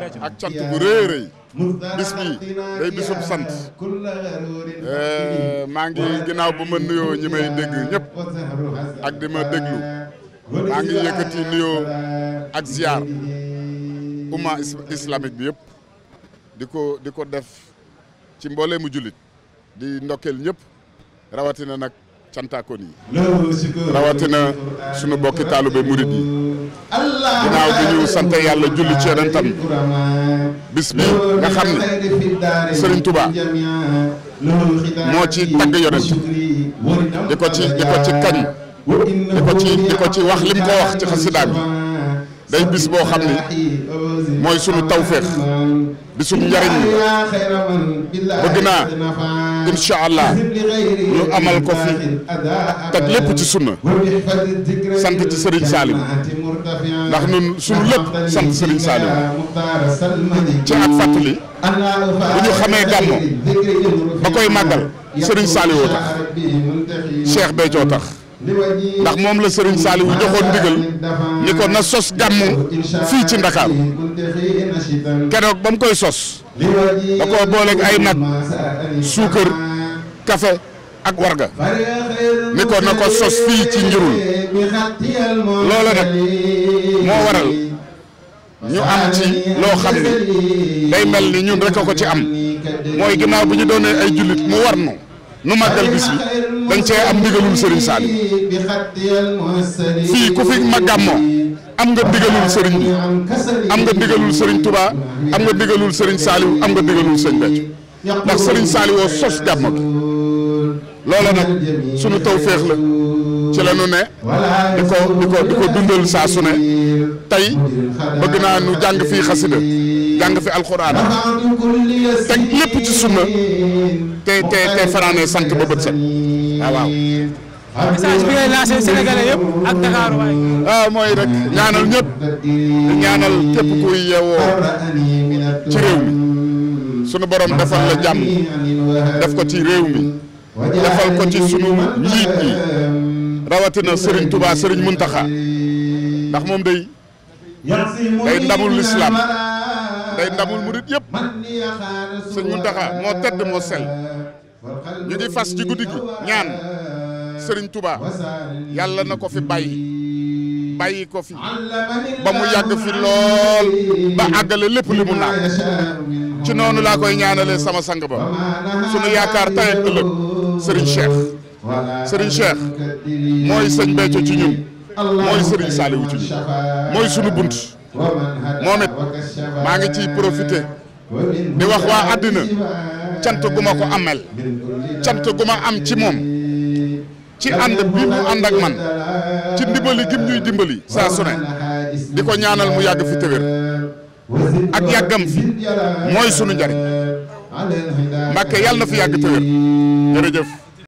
ak cant bu rëy rëy bis bisub sant eh, maa ngi ginnaaw ba ma nuyoo ñi may dégg ñëpp ak di ma déglu maa ngi yëkkati nuyoo ak ziar umma islamique bi yëpp di ko di ko def ci mboolee mu jullit di ndokkeel ñëpp rawatina nag cantaakoon yi rawatina sunu bokki taalibe murit yi ginnaaw bi ñu sant yàlla julli ci yonentam bis nga xam ne Serigne Touba moo ci tagg yonent di ko ci kañ di ko ci wax lim ko wax ci xasidaam yi day bis boo xam ni mooy sunu tawféex di sunu njariñ li bëgg naa incha allah ñu amal ko fi teg lépp ci sunna sant ci Serigne Salim ndax ñun sunu lépp sant Serigne Salim ci ak fàttali bu ñu xamee gàmmo ba koy màggal Serigne Saliou tax Cheikh Béthio tax. ndax moom la Serigne Saliou joxoon ndigal ni ko na sos gàmmu fii ci Ndakaaru keroog ba mu koy sos da koo booleeg ay nag suukar café ak warga ni ko na ko sos fii ci njurul loola nag moo waral ñu am ci loo xam ni day mel ni ñun rek ko ci am mooy ginnaaw bu ñu doonee ay jullit mu war nu nu màggal bis bi danga am ndigalul Serigne Saliou fii ku ma gàmmoo am nga ndigalul Serigne bi am nga ndigalul Serigne Touba am nga ndigalul Serigne Saliou am nga ndigalul Serigne Béthio ndax Serigne Saliou sos gàmmo gi loola nag sunu tawféex la ci la nu ne di ko di ko di ko dundal saa su ne tey bëgg naa nu jàng fii xasida jàng fi alxuraan teg lépp ci sunna te te te fanaanee sant ba bët ah, waaw ah, mooy rek ñaanal ñëpp ñaanal képp kuy yeewoo ci réew mi sunu borom defal la jàmm def ko ci réew mi. defal ko ci sunu njiit yi rawatina Serigne Touba Serigne Mountakha ndax moom day day ndamul lislaam day ndamul murit yëpp sëñ Mountakha moo tedd moo sell ñu ngi fas ci guddi ñaan Serigne Touba yàlla na ko fi bàyyi. bàyyi ko fi ba mu yàgg fi lool ba àggale lépp li mu naan ci noonu laa koy ñaanalee sama sang ba sunu yaakaar tayet ëllëg Serigne Cheikh Serigne Cheikh mooy sëñ Béthio ci ñun mooy Serigne Saliou ci ñun mooy sunu bunt moom it maa ngi ciy profité di wax waa àddina cant gu ma ko amel cant gu am ci moom ci ànd bi mu ànd ak man dimbali gim ñuy dimbali saa su di ko ñaanal mu yàgg fi tëwér ak yàggam mooy sunu njariñ Mbàkke yàlla na fi yàgg tëwér